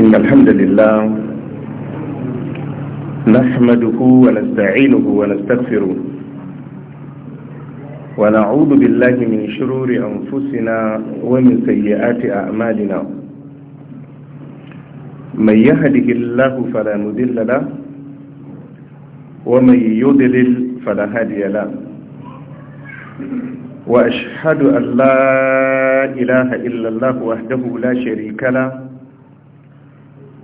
إن الحمد لله نحمده ونستعينه ونستغفره ونعوذ بالله من شرور أنفسنا ومن سيئات أعمالنا من يهده الله فلا مذل له ومن يضلل فلا هادي له وأشهد أن لا إله إلا الله وحده لا شريك له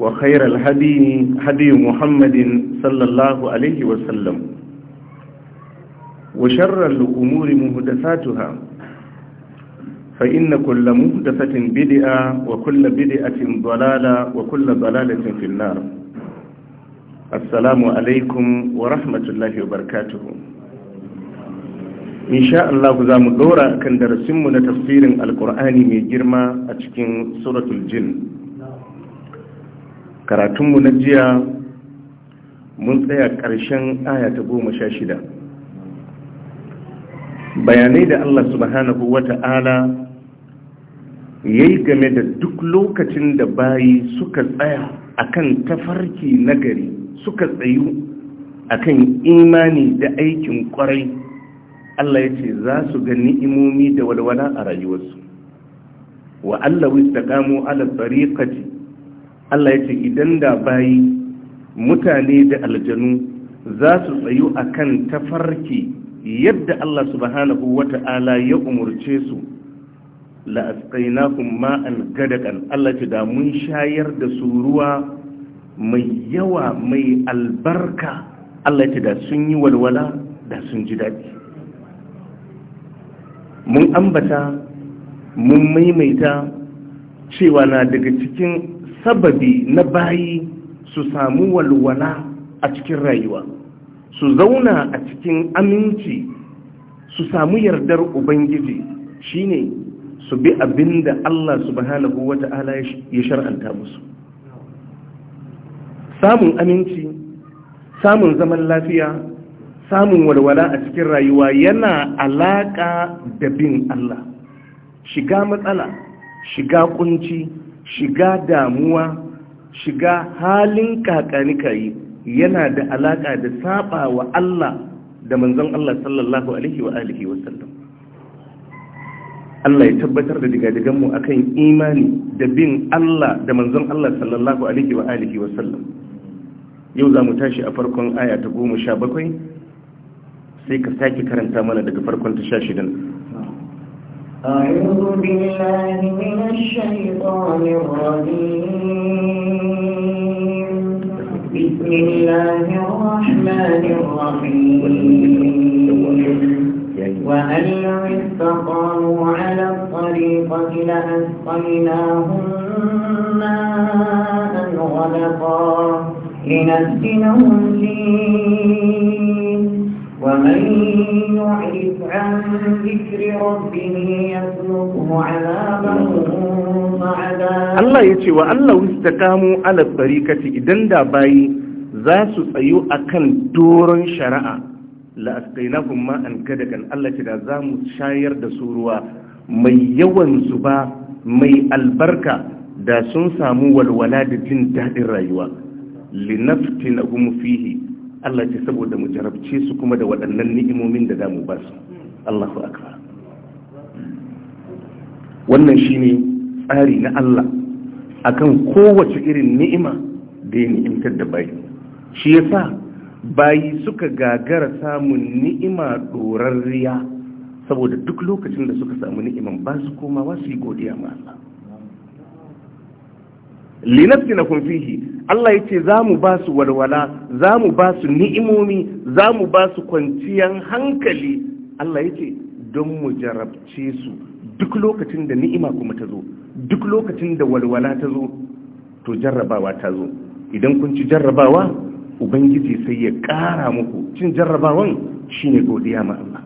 وخير الهدي هدي محمد صلى الله عليه وسلم وشر الأمور مهدفاتها فإن كل مهدفة بدئة وكل بدئة ضلالة وكل ضلالة في النار السلام عليكم ورحمة الله وبركاته إن شاء الله زام دورا كان درسمنا تفسير القرآن من جرما أتكين سورة الجن karatunmu na jiya mun tsaya ƙarshen aya ta goma sha shida bayanai da Allah subhanahu wa ta'ala ya yi game da duk lokacin da bayi suka tsaya akan tafarki nagari suka tsayu akan imani da aikin kwarai Allah ya ce za su ga ni'imomi da walwala a rayuwarsu wa Allah wista kamo ala tsariƙaci Allah ya ce idan da bayi mutane da aljanu za su tsayu a kan tafarki yadda Allah subhanahu wata'ala ya umarce su la'asqainahum ma'an kan. Allah ce da mun shayar da su ruwa mai yawa mai albarka Allah ce da sun yi walwala da sun ji daɗi mun ambata mun maimaita cewa na daga cikin sababi na bayi su samu walwala a cikin rayuwa su zauna a cikin aminci su samu yardar ubangiji shine su bi abin Allah subhanahu wa ta'ala ya shar'anta musu samun aminci samun zaman lafiya samun walwala a cikin rayuwa yana alaka da bin Allah shiga matsala shiga kunci shiga damuwa shiga halin kakani yana da alaka da saba wa Allah da manzon Allah sallallahu alaihi wa alihi wa sallam Allah ya tabbatar da digadigan mu akan imani da bin Allah da manzon Allah sallallahu alaihi wa alihi wa sallam yau zamu tashi a farkon aya ta 17 sai ka sake karanta mana daga farkon ta 16 أعوذ بالله من الشيطان الرجيم بسم الله الرحمن الرحيم وأن لو استقاموا على الطريقة لأسقيناهم ماء غلقا لنفتنهم فيه ومن يعرف عن ذكر ربه يسلكه عذابا Allah ya ce wa Allah istakamu ala tsarikati idan da bayi za su tsayo a kan doron shari'a la'askainahum ma'an kadakan Allah ce da za mu shayar da su ruwa mai yawan zuba mai albarka da sun samu walwala da jin daɗin rayuwa linaftinahum fihi Allah ce saboda mu jarabce su kuma da waɗannan ni'imomin da damu ba su Allahu akbar wannan shine tsari na Allah akan kowace irin ni'ima da ya ni'imtar da bayi shi yasa bayi suka gagara samun ni'ima ɗorarriya saboda duk lokacin da suka samu ni'iman ba su koma su yi godiya ma linafsi na kunfihi Allah ya ce za mu ba su walwala za mu ba su ni'imomi za mu ba su kwanciyan hankali Allah ya ce don mu jarabce su duk lokacin da ni'ima kuma ta zo duk lokacin da walwala ta zo to jarrabawa ta zo idan kun ci jarrabawa ubangiji sai ya ƙara muku cin jarrabawan shine godiya ma Allah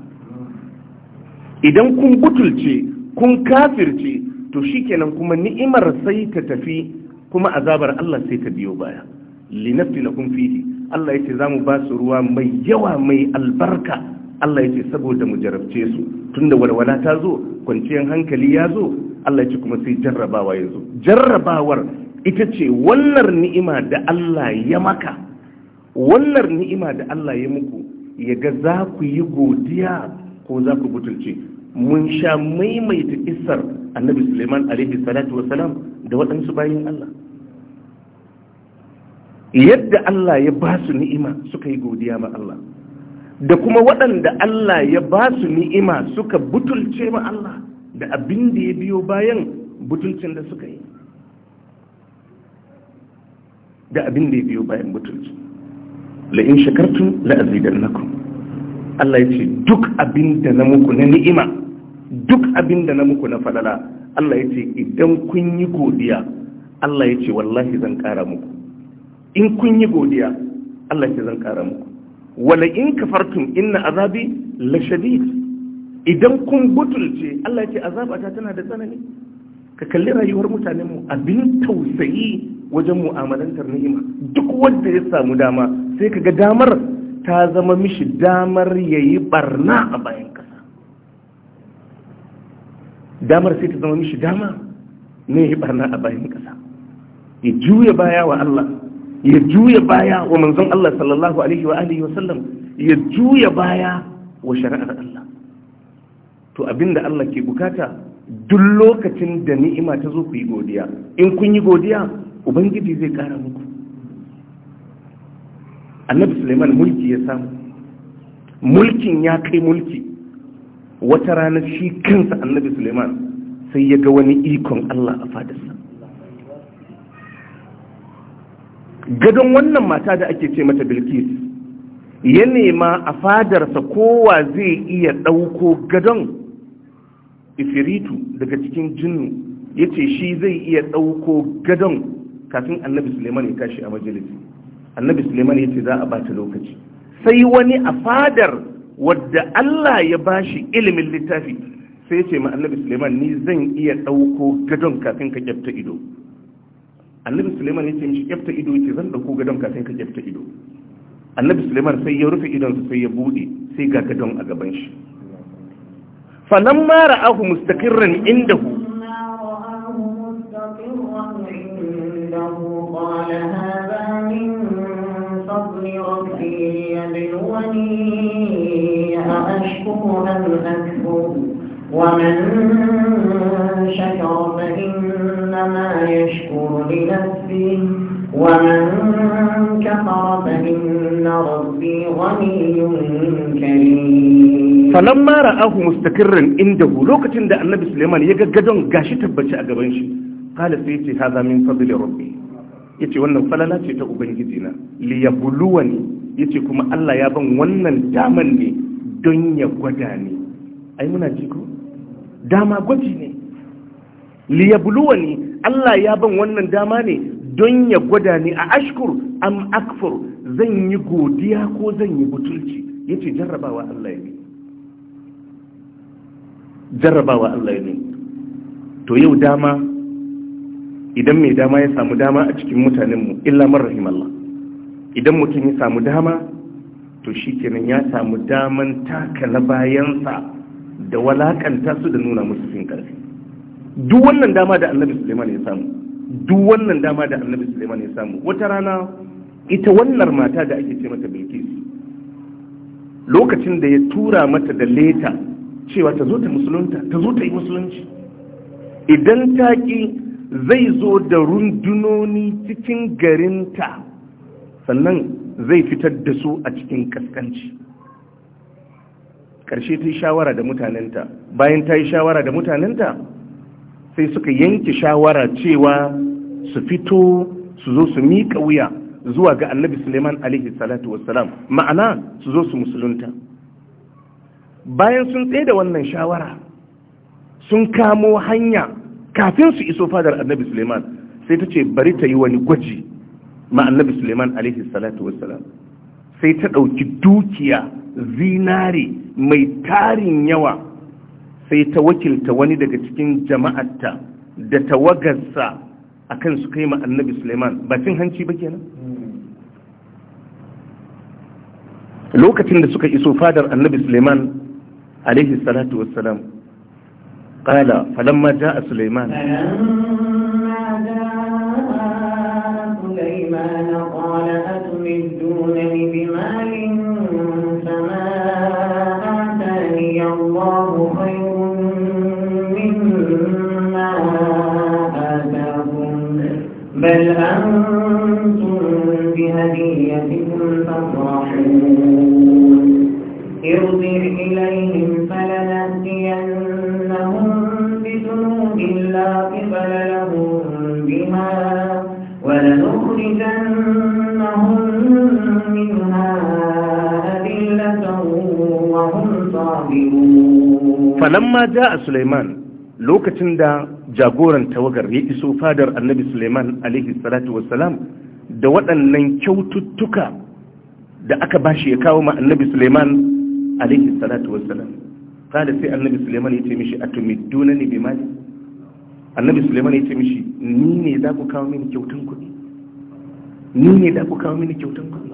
idan kun butulce kun kafirce to shikenan kuma ni'imar sai ta tafi kuma azabar Allah sai ta biyo baya kun fihi Allah yace zamu ba su ruwa mai yawa mai albarka Allah yace saboda mu jarabce su tunda walwala ta zo kwanciyar hankali ya zo Allah yace kuma sai jarrabawa ya zo jarrabawar ita ce wannan ni'ima da Allah ya maka wannan ni'ima da Allah ya muku ya ga za ku yi godiya ko za ku butulce mun sha maimaita isar annabi suleiman alaihi salatu wasalam da waɗansu bayin Allah yadda Allah ya ba su ni'ima suka yi godiya ma Allah da kuma waɗanda Allah ya ba su ni'ima suka butulce ma Allah da abin da ya biyo bayan butulcin da suka yi da abin da ya biyo bayan butulci la'in shakartun la'azidan nakum Allah ya ce duk abin da na muku na ni'ima duk abin da na muku na falala Allah ya ce idan kun yi godiya Allah ya ce wallahi zan ƙara muku in kun yi godiya Allah ke zan kara muku wala in kafartum inna azabi la shadid idan kun butulce Allah ce azabata tana da tsanani ka kalli rayuwar mutanen mu abin tausayi wajen mu'amalantar ni'ima duk wanda ya samu dama sai kaga damar ta zama mishi damar yayi barna a bayan kasa damar sai ta zama mishi dama ne yi barna a bayan kasa ya juya baya wa Allah ya juya baya wa manzon Allah sallallahu alaihi wa alihi wasallam ya juya baya wa shari'ar Allah to abinda Allah ke bukata duk lokacin da ni'ima ta zo ku yi godiya in kun yi godiya ubangiji zai kara muku annabi suleiman mulki ya samu mulkin ya kai mulki wata rana shi kansa annabi suleiman sai ya ga wani ikon Allah a fadarsa gadon wannan mata da ake ce mata bilkis ya nema a fadarsa kowa zai iya ɗauko gadon ifiritu daga cikin jinnu ya ce shi zai iya ɗauko gadon kafin annabi suleiman ya tashi a majalisi annabi suleiman ya ce za a bata lokaci sai wani a fadar wadda allah ya ba shi ilimin littafi sai ya ce ma annabi suleiman ni zan iya ɗauko gadon kafin ka ido annabi suleiman ya ce mishi kyafta ido ya ce zan ɗauko gadon ka sai ka kyafta ido annabi suleiman sai ya rufe idonsa sai ya bude sai ga gadon a gaban shi fanan mara ahu mustaqirran indahu أشكر Wammanan shato fahimta na yashi koli na si. Wammanan shato fahimta na rosary wani muhimmi ta lokacin da Annabi Suleiman ya ga gadon gashi tabbaci a gaban shi. Falyalat yace hazamin faɗile ruɓe. Ya ce wannan Falala ce ta Ubangiji na. Liya buluwa ne. kuma Allah ya ban wannan daman ne don ya gwada ne. Ayi muna jiko. dama gwaji ne liyabluwa ne Allah ya ban wannan dama ne don ya gwada ni a ashkur am akfur zan yi godiya ko zan yi butulci yace jarrabawa Allah ya ne jarrabawa Allah ya ne to yau dama idan mai dama ya samu dama a cikin mutanenmu illa man rahimallah idan mutum ya samu dama to shi kenan ya samu daman takala bayansa da walakanta su da nuna musu fin karfi duk wannan dama da annabi suleiman ya samu duk wannan dama da annabi suleiman ya samu wata rana ita wannan mata da ake ce mata bilkis lokacin da ya tura mata da leta cewa ta zo ta musulunta ta zo ta yi musulunci idan ta ki zai zo da rundunoni cikin garinta sannan zai fitar da su a cikin kaskanci karshe ta yi shawara da mutanenta bayan ta yi shawara da mutanenta sai suka yanke shawara cewa su fito su zo su miƙa wuya zuwa ga annabi suleiman alaihi salatu wassalam ma'ana su zo su musulunta bayan sun tsaye da wannan shawara sun kamo hanya kafin su iso fadar annabi suleiman sai ta ce bari ta yi wani gwaji ma annabi suleiman alaihi salatu wassalam sai ta ɗauki dukiya zinare mai tarin yawa sai ta wakilta wani daga cikin jama'arta da tawagarsa a kan su kai annabi suleiman ba cin hanci ba kenan lokacin da suka iso fadar annabi suleiman alaihi salatu wassalam قال فلما جاء سليمان فلما جاء سليمان قال أتمدونني بمال بل أنتم بهديتكم تفرحون ارجع إليهم فلنأتينهم بجنود لا قبل لهم بها ولنخرجنهم منها أذلة وهم صابرون فلما جاء سليمان لوكتن دا jagoran tawagar ya iso fadar annabi suleiman alaihi salatu salam da waɗannan kyaututtuka da aka ba shi ya kawo ma annabi suleiman alaihi salatu salam. kada sai annabi suleiman ya ce mishi duna ne mali annabi suleiman ya ce mishi ni ne za ku kawo mini kyautan kuɗi ni ne za ku kawo mini kyautan kuɗi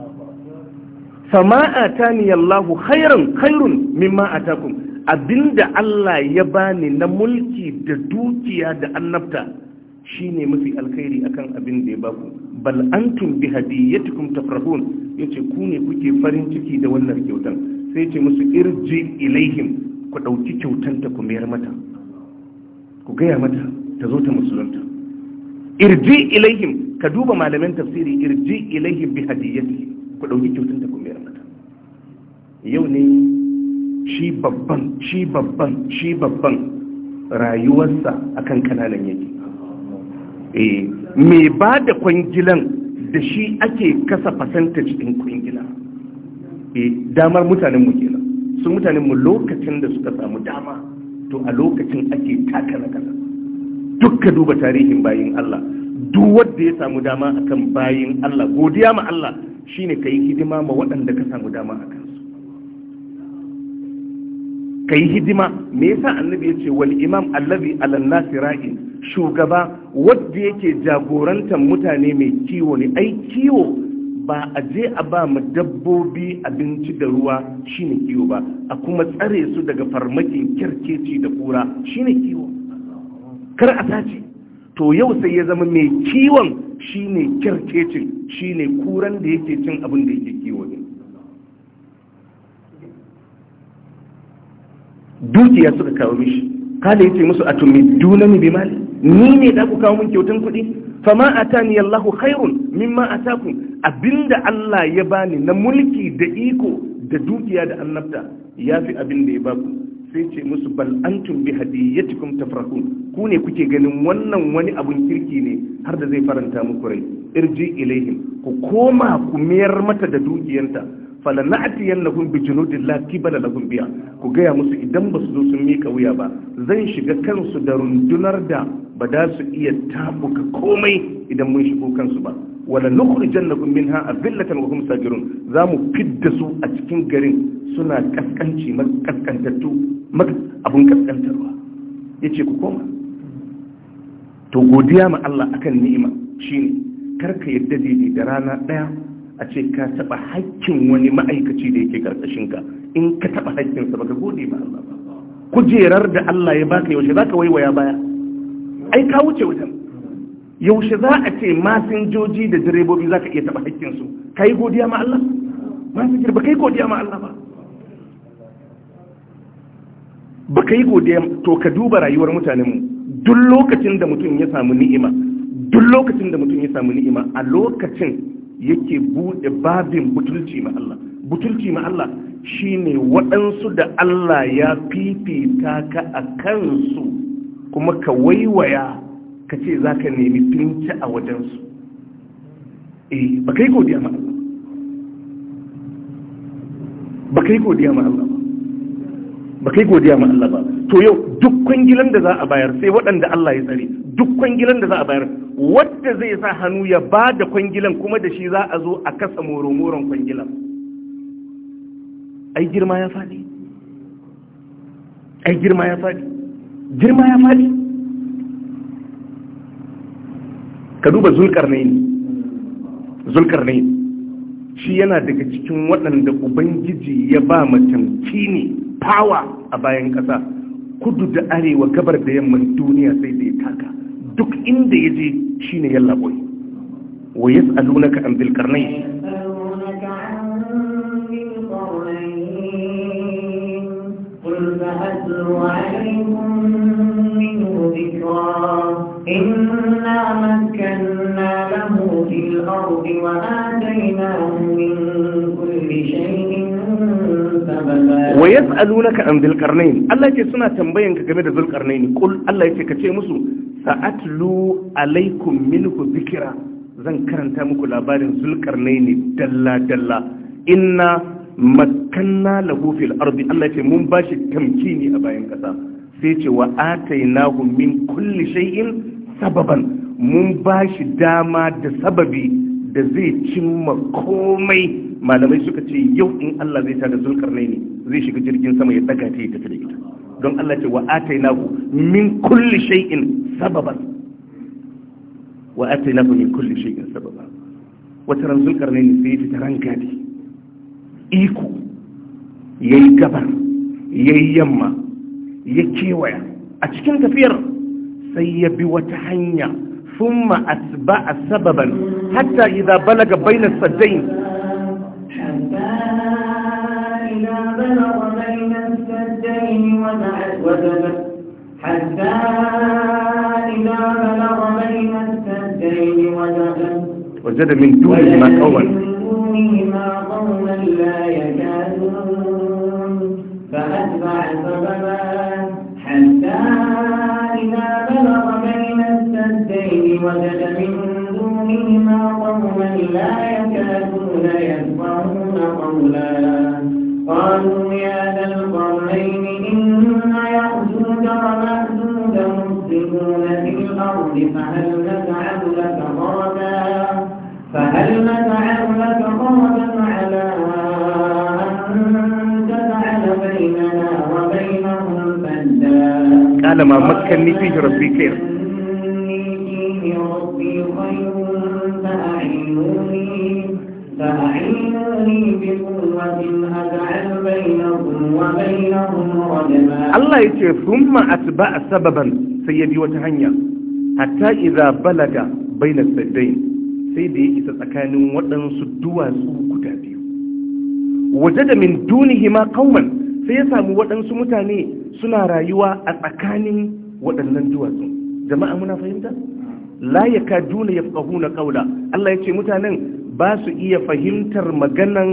fama atani allahu khairan khairun mimma atakum abinda Allah ya bani na mulki da dukiya da annabta shine mafi alkhairi akan abin da ya baku bal antum bi hadiyatikum tafrahun yace ku ne kuke farin ciki da wannan kyautan sai yace musu irji ilaihim ku dauki kyautan ta ku mayar mata ku gaya mata ta zo ta musulunta irji ilaihim ka duba malamin tafsiri irji ilaihim bi hadiyatihi ku dauki kyautan ta ku mayar mata yau ne shi babban shi babban shi babban rayuwarsa akan kananan yake eh mai ba da kwangilan da shi ake kasa percentage din kwangila eh damar mutanen mu kenan su mutanen mu lokacin da suka samu dama to a lokacin ake taka na kasa dukka duba tarihin bayin Allah duk wanda ya samu dama akan bayin Allah godiya ma Allah shine kai hidima ma waɗanda ka samu dama akan kai hidima me yasa annabi ya ce wal imam allazi ala nasi ra'in shugaba wanda yake jagorantar mutane mai kiwo ne ai kiwo ba a je a ba mu dabbobi abinci da ruwa shine kiwo ba a kuma tsare su daga farmakin kirkeci da kura shine kiwo kar a sace to yau sai ya zama mai kiwon shine kirkecin shine kuran da yake cin abin da yake kiwo ne dukiya suka kawo mishi kada yace musu a bi bimali ni ne da ku kawo min kyautan kuɗi fama atani Allahu khairun mimma atakum abinda Allah ya bani na mulki da iko da dukiya da annabta yafi fi abinda ya baku sai ce musu bal antum bi hadiyatikum tafrahun ku ne kuke ganin wannan wani abun kirki ne har da zai faranta muku rai irji ilaihim ku koma ku miyar mata da dukiyanta. falana'tiyannahum bi junudin la kibala lahum biya ku gaya musu idan ba su zo sun mika wuya ba zan shiga kansu da rundunar da ba da su iya tabuka komai idan mun shigo kansu ba wala ha minha azillatan wa hum sajirun za mu fidda su a cikin garin suna kaskanci makaskantattu abun kaskantarwa yace ku koma to godiya ma Allah akan ni'ima shine karka yadda daidai da rana ɗaya. a ce ka taɓa haƙƙin wani ma'aikaci da yake ƙarƙashinka in ka taɓa haƙƙinsa baka gode ba Allah kujerar da Allah ya baka yaushe za ka waiwaya baya ai ka wuce wajen yaushe za a ce masinjoji da direbobi za ka iya taɓa haƙƙinsu ka yi godiya ma Allah masinjir ba ka yi godiya ma Allah ba ba ka yi godiya to ka duba rayuwar mu duk lokacin da mutum ya samu ni'ima duk lokacin da mutum ya samu ni'ima a lokacin yake bude babin butulci ma Allah butulci ma Allah shine waɗansu da Allah ya fifita ka a kansu kuma ka waiwaya ka ce za ka nemi finci a wajensu eh ba kai godiya ma Allah ba kai godiya ma Allah ba ba kai godiya ma Allah ba to yau duk kwangilan da za a bayar sai waɗanda Allah ya tsare duk kwangilan da za a bayar wadda zai sa hannu ya ba da kwangilan kuma da shi za a zo a kasa moromoron kwangilan ai girma ya faɗi ai girma ya faɗi girma ya faɗi ka duba na zulkarnaini shi yana daga cikin waɗanda ubangiji ya ba mutum ne fawa a bayan ƙasa kudu da arewa gabar da yamman duniya sai da ya taka duk inda ya je shi ne yalla boy wa yas'alunaka an dhil إنا مكنا له في الأرض وآتيناه من yas'alunaka an dhil qarnayn Allah yake suna tambayan ka game da dhil qarnayn kul Allah yake kace musu sa'atlu alaikum minhu dhikra zan karanta muku labarin dhil qarnayn dalla dalla inna makkanna lahu fil ardi Allah yake mun bashi tamkini a bayan kasa sai ce wa atainahu min kulli shay'in sababan mun bashi dama da sababi da zai cimma komai malamai suka ce yau in Allah zai tada zulkarnaini zai shiga jirgin sama ya daga ta ya tafi da ita don Allah ce wa atainahu min kulli shay'in sababan wa atainahu min kulli shay'in sababan wata ran zulkar zulkarnaini sai ya fita ran gadi iko yayi gabar yayi yamma ya kewaya a cikin tafiyar sai ya bi wata hanya ثم أتبع سببا حتى إذا بلغ بين السدين بلغ بين السدين حتى إذا بلغ بين السدين ودعت وجد من دونهما قولا دونهما قوما لا يكادون فأتبع سببا حتى إذا بلغ بين السدين وجد من دونهما قوما لا يكادون يسمعون قولا قالوا يا ذا القرنين إن يأجوج ومأجوج مسلمون في الأرض فهل نجعل لك خرجا فهل نجعل لك خرجا على أن تجعل بيننا وبينهم سدا قال ما مكنني فيه ربي خير إني فيه ربي خير فأعينوني Allah ya ce sun ma'asba a sababan sai ya bi wata hanya hatta iza balaga bai na saddai sai da ya isa tsakanin waɗansu duwatsu guda biyu waje da min dunihi ma kauman sai ya samu waɗansu mutane suna rayuwa a tsakanin waɗannan duwatsu jama'a muna fahimta la ya ka duna ya ƙahuna ƙaula Allah ya ce mutanen ba su iya fahimtar maganan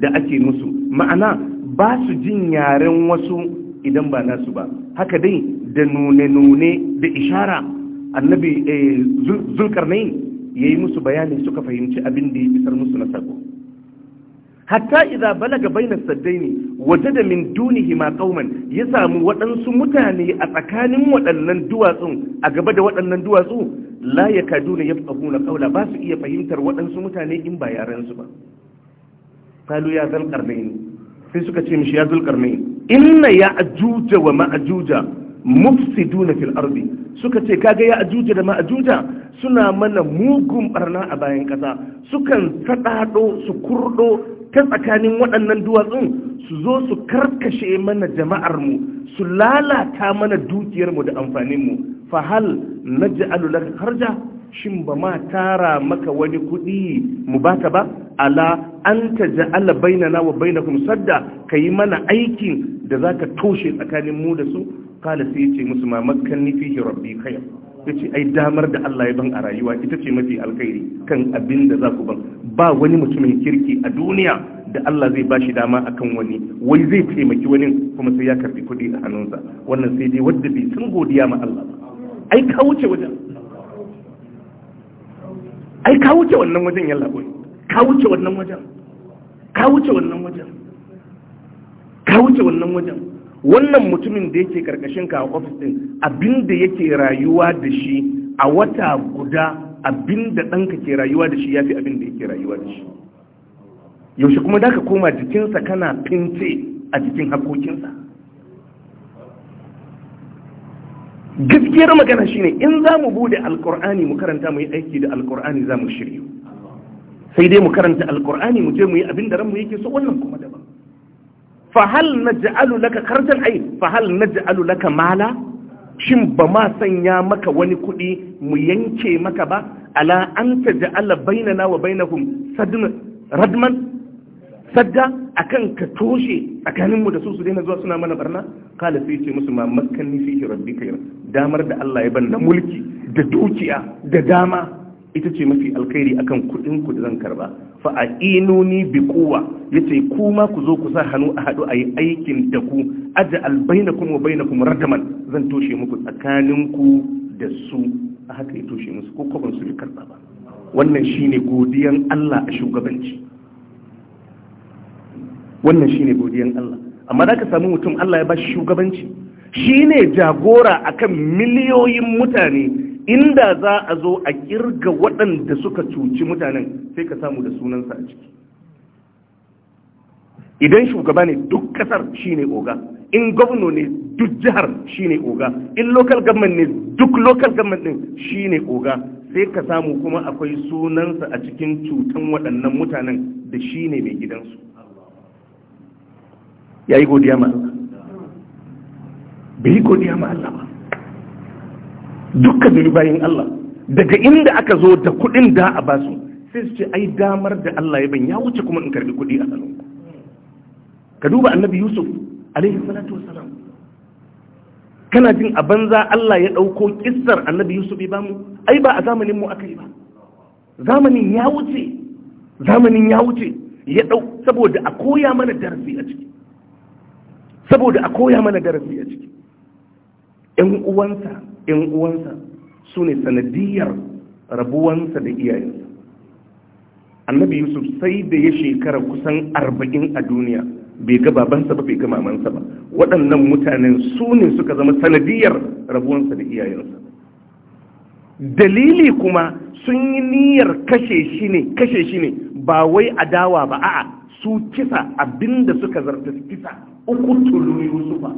da ake musu ma'ana ba su jin yaren wasu idan ba nasu ba haka dai da nune-nune da ishara annabi eh, zulkarnayin ya yi musu bayani suka fahimci abin da ya isar musu na sako hatta idza balaga bainas saddaini da min ma qauman ya samu waɗansu mutane a tsakanin waɗannan duwatsun a gaba da waɗannan duwatsu la ya kaduna ya fahuna kaula ba su iya fahimtar waɗansu mutane in ba yarensu ba kalu ya zalkar ne sai suka ce mishi ya zalkar ne inna ya ajuja wa ma'ajuja mufsiduna fil ardi suka ce kaga ya ajuja da ma'ajuja suna mana mugun barna a bayan kasa sukan sadado su kurdo ta tsakanin waɗannan duwatsun su zo su karkashe mana jama'armu su lalata mana dukiyarmu da amfaninmu fahal na ji'alu laka harja shin ba ma tara maka wani kuɗi mu baka ba ala an ta ja'ala bainana wa bainakum sadda ka yi mana aikin da za ka toshe tsakanin mu da su kala sai ya ce musu ma makanni fihi rabbi ya ce ai damar da Allah ya ban a rayuwa ita ce mafi alkhairi kan abin da za ku ban ba wani mutumin kirki a duniya da Allah zai bashi dama akan wani wai zai taimaki wani kuma sai ya karbi kuɗi a hannunsa wannan sai dai wadda bai san godiya ma Allah ai ka wuce wajen ai ka wuce wannan wajen yalla boy ka wuce wannan wajen ka wuce wannan wajen ka wuce wannan wajen wannan mutumin da yake karkashin ka a ofis din abinda yake rayuwa da shi a wata guda abin da ɗanka ke rayuwa da shi ya fi abin da yake rayuwa da shi yaushe kuma da ka koma jikinsa kana fince a jikin haƙoƙinsa gaskiyar magana shine in za mu bude alkur'ani mu karanta mu yi aiki da alkur'ani za mu shirya sai dai mu karanta alkur'ani mu je mu yi abin da ranmu yake so wannan kuma daban fahal naj'alu laka kartan ai fahal naj'alu laka mala shin ba ma sanya maka wani kuɗi mu yanke maka ba ala an taj'ala bainana wa bainahum radman sadda akan ka toshe tsakaninmu da su su daina zuwa suna mana barna kala sai ce musu ma makanni fihi rabbi damar da Allah ya ban na mulki da dukiya da dama ita ce mafi alkhairi akan kuɗin ku da zan karba fa a inuni bi kuwa yace kuma ku zo ku sa hannu a hadu ayi aikin da ku aja albainakum wa bainakum radaman zan toshe muku tsakanin ku da su a haka ya toshe musu ko kwaban su bi ba wannan shine godiyan Allah a shugabanci wannan shine godiyan Allah amma da ka samu mutum Allah ya ba shi shugabanci shine jagora akan miliyoyin mutane inda za a zo a kirga waɗanda suka cuci mutanen sai ka samu da sunansa a ciki idan shugaba ne duk ƙasar shine oga in gwamno ne duk jihar shine oga in local government ne duk local government din shine oga sai ka samu kuma akwai sunansa a cikin cutan waɗannan mutanen da shine mai gidansu ya yi godiya ma Allah bai yi godiya ma ba dukkan dubi bayan Allah daga inda aka zo da kuɗin da a basu sai su ce ai damar da Allah ya ban ya wuce kuma in karbi kuɗi a salon ka duba annabi Yusuf alaihi salatu wasalam kana jin a banza Allah ya ɗauko kissar annabi Yusuf ya bamu ai ba a zamanin mu aka yi ba zamanin ya wuce zamanin ya wuce ya ɗau saboda a koya mana darasi a ciki saboda a koya mana darasi a ciki ‘yan uwansa 'yan uwansa su ne sanadiyar rabuwansa da iyayensa annabi yusuf sai da ya shekara kusan arba'in a duniya bai ga babansa ba bai ga mamansa ba waɗannan mutanen su ne suka zama sanadiyar rabuwansa da iyayensa dalili kuma sun yi niyyar kashe shi ne kashe shi ne ba wai adawa ba a'a su kisa abinda suka zarta kisa uku tulu yusufa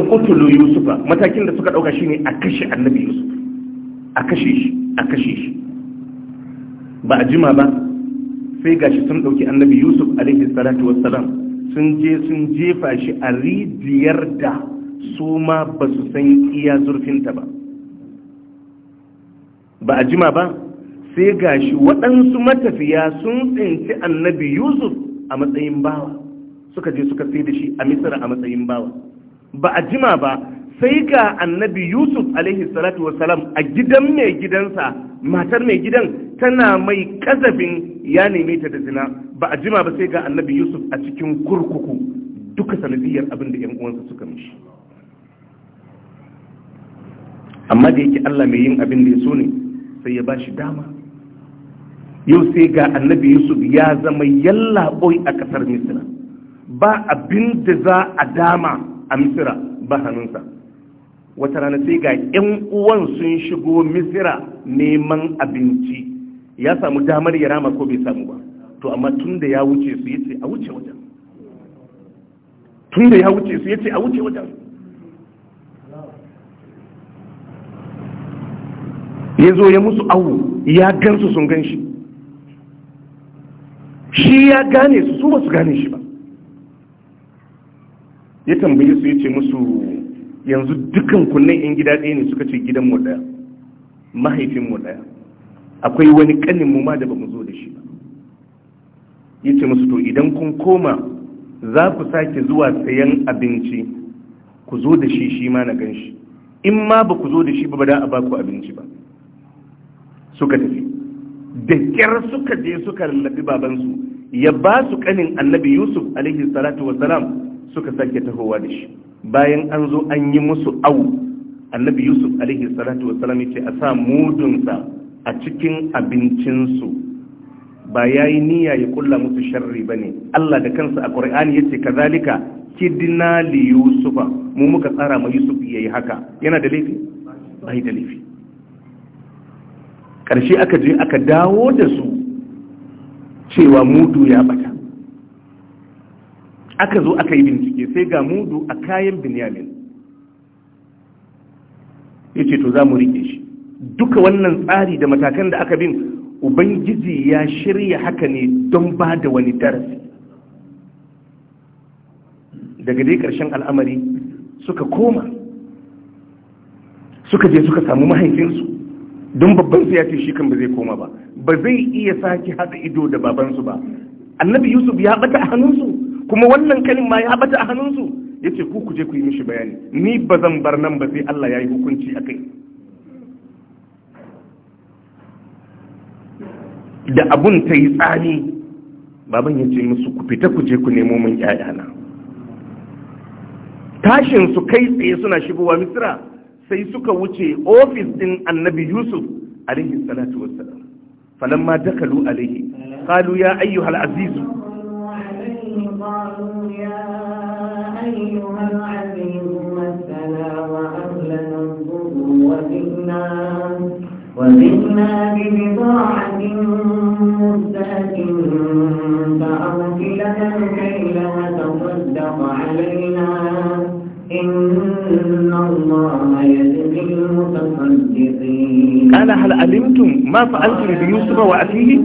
ukutulu yusufa matakin da suka dauka shine a kashe annabi yusuf a kashe shi a kashe shi ba a jima ba sai gashi sun dauki annabi yusuf alaihi salatu wassalam sun je sun jefa shi a rijiyar da su ma ba su san iya zurfinta ba ba a jima ba sai ga shi waɗansu matafiya sun tsinci annabi yusuf a matsayin bawa suka je suka sai da shi a misira a matsayin bawa ba a jima ba sai ga annabi yusuf alaihi salatu wasalam a gidan mai gidansa matar mai gidan tana mai kazafin ya neme ta da zina ba a jima ba sai ga annabi yusuf a cikin kurkuku duka sanadiyar abin da 'yan uwansa suka mishi amma da yake allah mai yin abin da ya so ne sai ya ba shi dama yau sai ga annabi yusuf ya zama yallaɓai a ƙasar misira ba abin da za a dama a misira ba hannunsa wata rana sai ga 'yan uwan sun shigo misira neman abinci ya samu damar ya rama ko bai samu ba to amma tun da ya wuce su yace a wuce wajen tun ya wuce su yace a wuce wajen ya zo ya musu awu ya gansu sun gan shi shi ya gane su su basu gane shi ba ya tambaye su ya ce musu yanzu dukan kunnen yan gida ɗaya ne suka ce gidan mu ɗaya mahaifin mu ɗaya akwai wani ƙaninmu mu ma da ba mu zo da shi ba ya ce musu to idan kun koma za ku sake zuwa sayan abinci ku zo da shi shi ma na gan shi in ma ba ku zo da shi ba ba da a ba abinci ba suka tafi da kyar suka je suka lallabi babansu ya ba su kanin annabi yusuf alaihi salatu wasalam suka sake tahowa da shi bayan an zo an yi musu awu annabi yusuf alaihi salatu wasalam ya ce a sa mudunsa a cikin abincinsu ba ya yi niyya ya kulla musu sharri ba ne allah da kansa a ƙur'ani ya ce kazalika kidina li yusufa mu muka tsara ma yusuf ya yi haka yana da laifi bai da laifi ƙarshe aka je aka dawo da su cewa mudu ya bata aka zo aka yi bincike sai ga mudu a kayan binyamin ya ce to za mu riƙe shi duka wannan tsari da matakan da aka bin ubangiji ya shirya haka ne don ba da wani darasi daga dai ƙarshen al'amari suka koma suka je suka samu mahaifinsu don babban su ya ce shi kan ba zai koma ba ba zai iya sake haɗa ido da babansu ba annabi yusuf ya bata a hannunsu kuma wannan kalin ma ya bata a hannunsu ya ce ku kuje ku yi mishi bayani ni ba zan bar nan ba sai allah ya yi hukunci a kai da abun ta yi tsani baban ya ce musu ku fita ku je ku nemo min 'ya'yana tashin su kai tsaye suna shigowa misira sai suka wuce ofis din annabi yusuf alaihi salatu wassalam falamma dakalu alaihi qalu ya ayyuhal aziz وزنا ببضاعة مزدهة فأوفي لنا الكيل وتصدق علينا قال هل علمتم ما فعلتم بيوسف وأخيه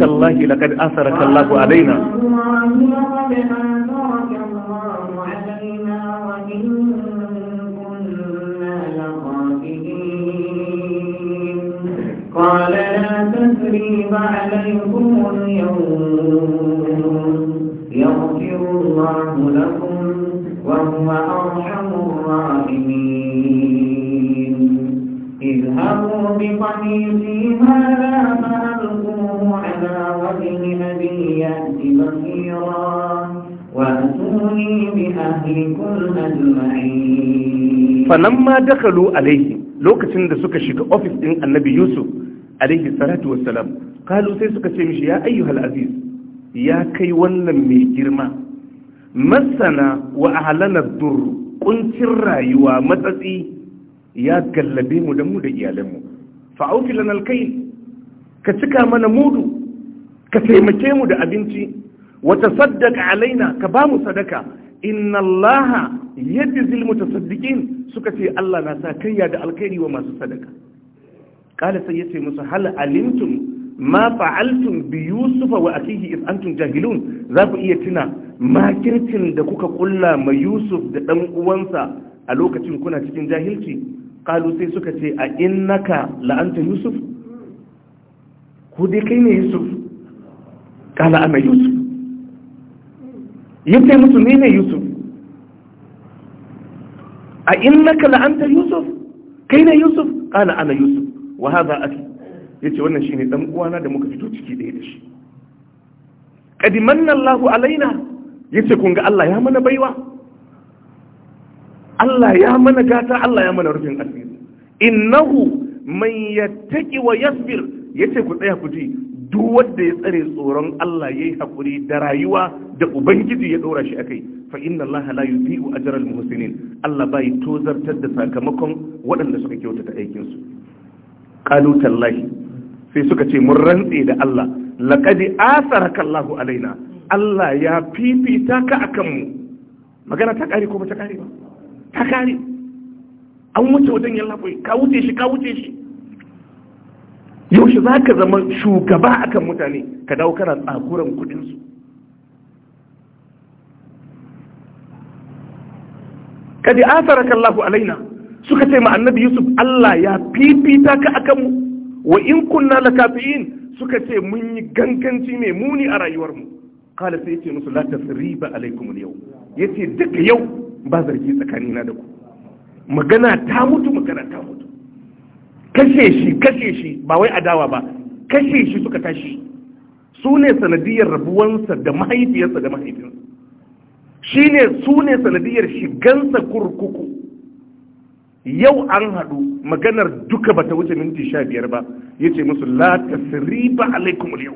tallahi laqad asaraka Allahu alaina falamma dakalu alaihi lokacin da suka shiga ofis din annabi yusuf alaihi salatu wassalam kalu sai suka ce mishi ya ayyuhal aziz ya kai wannan mai girma masana wa ahlana dur kuncin rayuwa matsatsi ya gallabe mu da mu da iyalanmu fa'auki lana alkai ka cika mana mudu ka taimake mu da abinci wata saddaka alaina ka ba mu sadaka inna allaha yadda zilmuta tasaddiqin suka ce Allah na sa kaiya da alkhairi wa masu sadaka kala sai yace musu hal alimtum ma fa'altum bi yusufa wa akihi is antum jahilun za ku iya tuna makircin da kuka kulla ma yusuf da dan uwansa a lokacin kuna cikin jahilci kalu sai suka ce a innaka la'anta yusuf Ku dai kai ne yusuf kala ana yusuf yace musu ne ne yusuf a innaka la yusuf kai ne yusuf Kana ana yusuf wa hadha Ya yace wannan shine dan uwana da muka fito ciki daya da shi qad manna alaina yace kun ga Allah ya mana baiwa Allah ya mana gata Allah ya mana rufin asiri innahu man yattaqi wa yasbir yace ku tsaya ku ji duk wanda ya tsare tsoron Allah ya yi hakuri da rayuwa da ubangiji ya dora shi akai fa inna Allah la yudhi'u ajra al-muhsinin Allah bai tozartar da sakamakon waɗanda suka kyautata aikin su qalu tallahi sai suka ce mun rantse da Allah laqad asaraka Allahu alaina Allah ya fifita ka a kanmu. magana ta kare ko ba ta kare ba ta kare an wuce wajen yalla ka wuce shi ka wuce shi yaushe za ka zama shugaba akan mutane ka dawo kana tsakuran kuɗinsu? kadi asaraka Allahu alaina suka ce ma annabi Yusuf Allah ya fifita ka akan mu wa in kunna lakafiin suka ce mun yi ganganci mai muni a rayuwar mu qala sai yace musu la tasriba alaikum al-yawm yace duk yau ba zargi tsakanina da ku magana ta mutu magana ta mutu kashe shi kashe shi ba wai adawa ba kashe shi suka tashi su ne sanadiyar rabuwansa da mahaifiyarsa da mahaifinsa shi ne su ne sanadiyar shigansa kurkuku yau an haɗu maganar duka bata wuce minti sha biyar ba ya ce musu la tasriba alaikum yau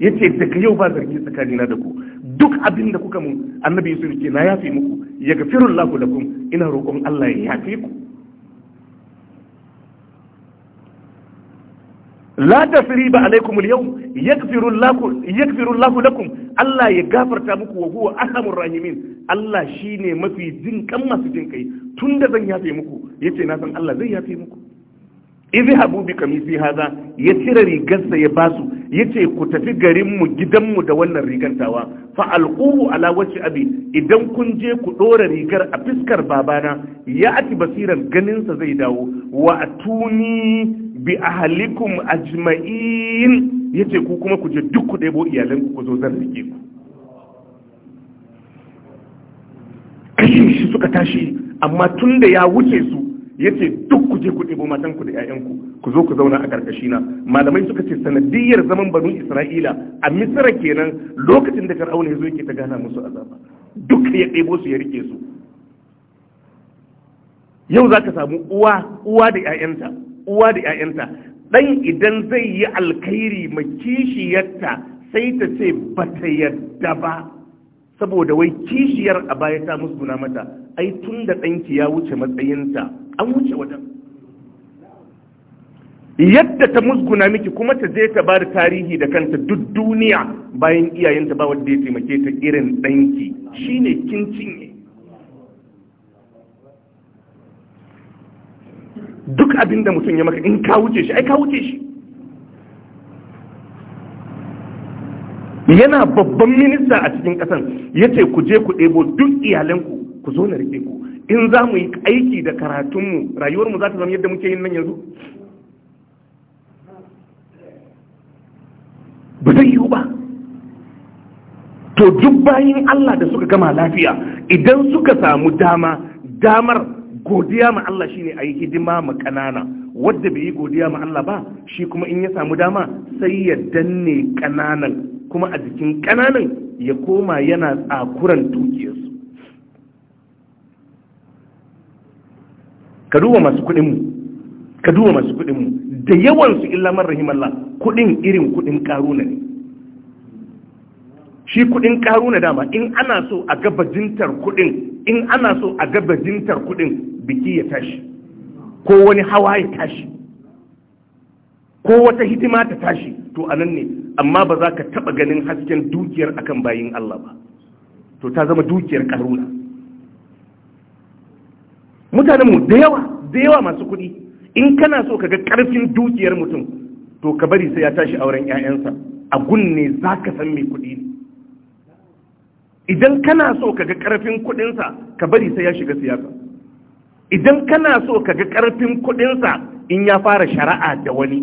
ya ce daga yau ba zargi tsakanina da ku duk abin da kuka mun annabi yusuf ke na yafe muku ya da lakum ina roƙon Allah ya yafe ku la riba alaikum al-yawm yaghfiru lakum lakum Allah ya gafarta muku wa huwa arhamur rahimin Allah shine mafi jin kan masu jin kai tunda zan yafe muku yace na san Allah zai yafe muku izhabu bi kamisi hada ya cire rigarsa ya basu yace ku tafi garin mu gidan mu da wannan rigantawa fa alquhu ala wajhi abi idan kun je ku dora rigar a fiskar babana ya ati basiran ganin sa zai dawo wa atuni bi ahalikum ajma'in yace ku kuma ku je duk ku ɗebo iyalan ku zo zan rike ku kashin shi suka tashi amma tun da ya wuce su yace duk ku je ku ɗebo matan ku da ƴaƴan ku ku zo ku zauna a karkashi na malamai suka ce sanadiyar zaman banu isra'ila a misra kenan lokacin da fir'auna ya zo yake ta gana musu azaba duk ya ɗebo su ya rike su yau za ka samu uwa uwa da 'ya'yanta uwa da 'ya'yanta ɗan idan zai yi alkhairi ma kishiyarta sai ta ce ba ta yadda ba saboda wai kishiyar a baya ta musguna mata ai tun da ɗanki ya wuce matsayinta an wuce wajen yadda ta musguna miki kuma ta je ta ba da tarihi da kanta duk duniya bayan iyayenta ba wanda ya taimake ta irin ɗanki shine kin cinye duk abin da mutum ya maka in ka wuce shi ai ka wuce shi yana babban minista a cikin kasan ya ce ku je ku ɗebo duk iyalanku ku zo na rike ku in za mu yi aiki da karatunmu rayuwarmu za ta zama yadda muke yin nan yanzu ba zai yiwu ba to duk bayan Allah da suka gama lafiya idan suka samu dama damar godiya ma Allah shine yi hidima ma kanana wanda bai yi godiya ma Allah ba shi kuma in ya samu dama sai ya danne kananan kuma a jikin kananan ya koma yana tsakuran dukiyarsu ka duba masu kuɗin mu ka duba masu kuɗin mu da yawansu su illa man rahimallah kuɗin irin kuɗin karuna ne shi kudin na dama in ana so a gabajintar kudin in ana so a gabajintar kudin biki ya tashi ko wani hawa ya tashi ko wata hidima ta tashi to anan ne amma ba za ka taba ganin hasken dukiyar akan bayin Allah ba to ta zama dukiyar karuna mutanen mu da yawa da yawa masu kudi in kana so ka ga karfin dukiyar mutum to ka bari sai ya tashi auren 'ya'yansa a gunne za ka san mai kudi ne idan kana so ka ga karfin kudinsa ka bari sai ya shiga siyasa idan kana so ka ga karfin kudinsa in ya fara shari'a da wani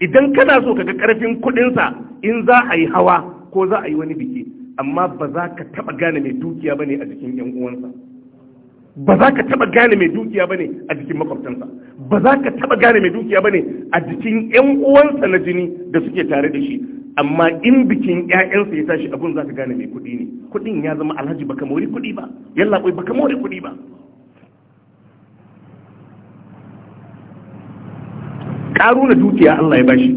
idan kana so ka ga karfin kudinsa in za a yi hawa ko za a yi wani biki amma ba za ka taba gane mai dukiya bane a jikin yan uwansa ba za ka taba gane mai dukiya bane a jikin makwabtansa ba za ka taba gane mai dukiya bane a jikin yan uwansa na jini da suke tare da shi amma in bikin ƴaƴansa ya tashi abun za ka gane mai kuɗi ne kuɗin ya zama alhaji baka mori kuɗi ba yalla bai baka mori kuɗi ba karuna dukiya Allah ya bashi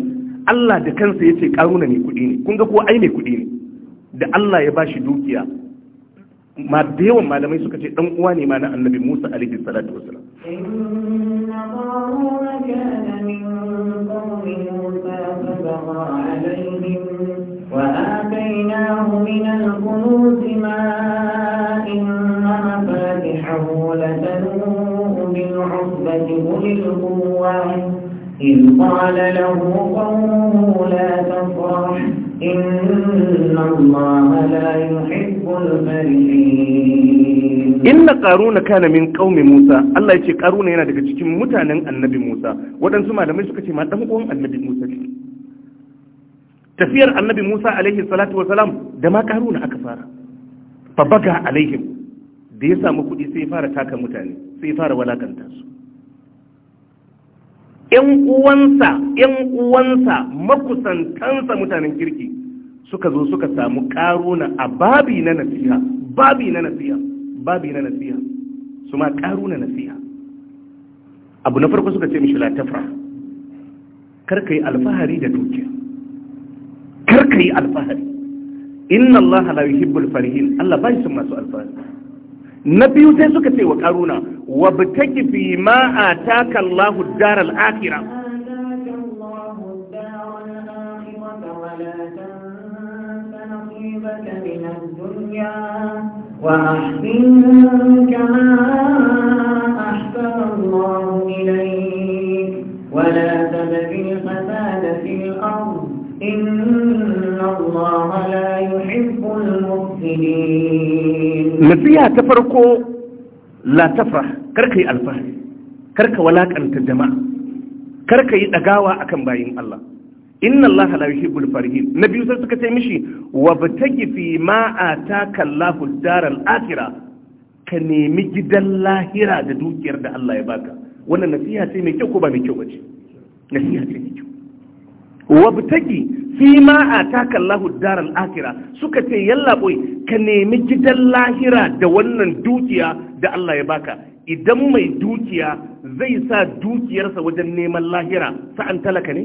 Allah da kansa ya ce karuna mai kuɗi ne kun ga kuwa ai mai kuɗi ne da Allah ya bashi dukiya ma da yawan malamai suka ce dan uwa ne ma na annabi Musa alaihi salatu wasalam inna qaruna kana min qawmi Musa fa ba'a وآتيناه من الكنوز ما إن مفاتحه لتنوء بالعصبة أولي القوة إذ قال له قومه لا تفرح إن الله لا يحب الفرحين inna karuna kana min qaumi musa Allah yace karuna yana daga cikin mutanen annabi musa wadansu malamai suka ce ma dan uwan annabi musa tafiyar annabi Musa alaihi salatu wa salam da ma karuna aka fara fa baga alaihim da ya samu kuɗi sai fara taka mutane sai fara walakanta su ƴan uwansa uwansa makusantansa mutanen kirki suka zo suka samu karuna a babi na nasiha babi na nasiha babi na nasiha su ma karuna nasiha abu na farko suka ce mishi la tafra kar kai alfahari da dukiya karka yi alfahari inna Allah la yuhibbul farihin Allah ba shi masu alfahari na biyu sai suka ce wa karuna wa bitaki fi ma ataka Allah daral akhirah وأحسن كما أحسن الله إليك ولا تبغي الفساد في الأرض إن الله لا يحب المفسدين نسيها تفرقوا لا تفرح كركي الفهم كرك yi أنت الجماعة كركي أقاوى أكم باين الله inna allaha la yuhibbul farihin na biyu sai suka ce mishi wa batagi fi ma'a ta allahu daral akhirah ka nemi gidan lahira da dukiyar da Allah ya baka wannan nasiha ce mai kyau ko ba mai kyau ba ce? nasiha ce mai kyau wabtaki fi ma a takallahu daral akira suka ce yallaɓoi ka nemi gidan lahira da wannan dukiya da Allah ya baka idan mai dukiya zai sa dukiyarsa wajen neman lahira sa'an talaka ne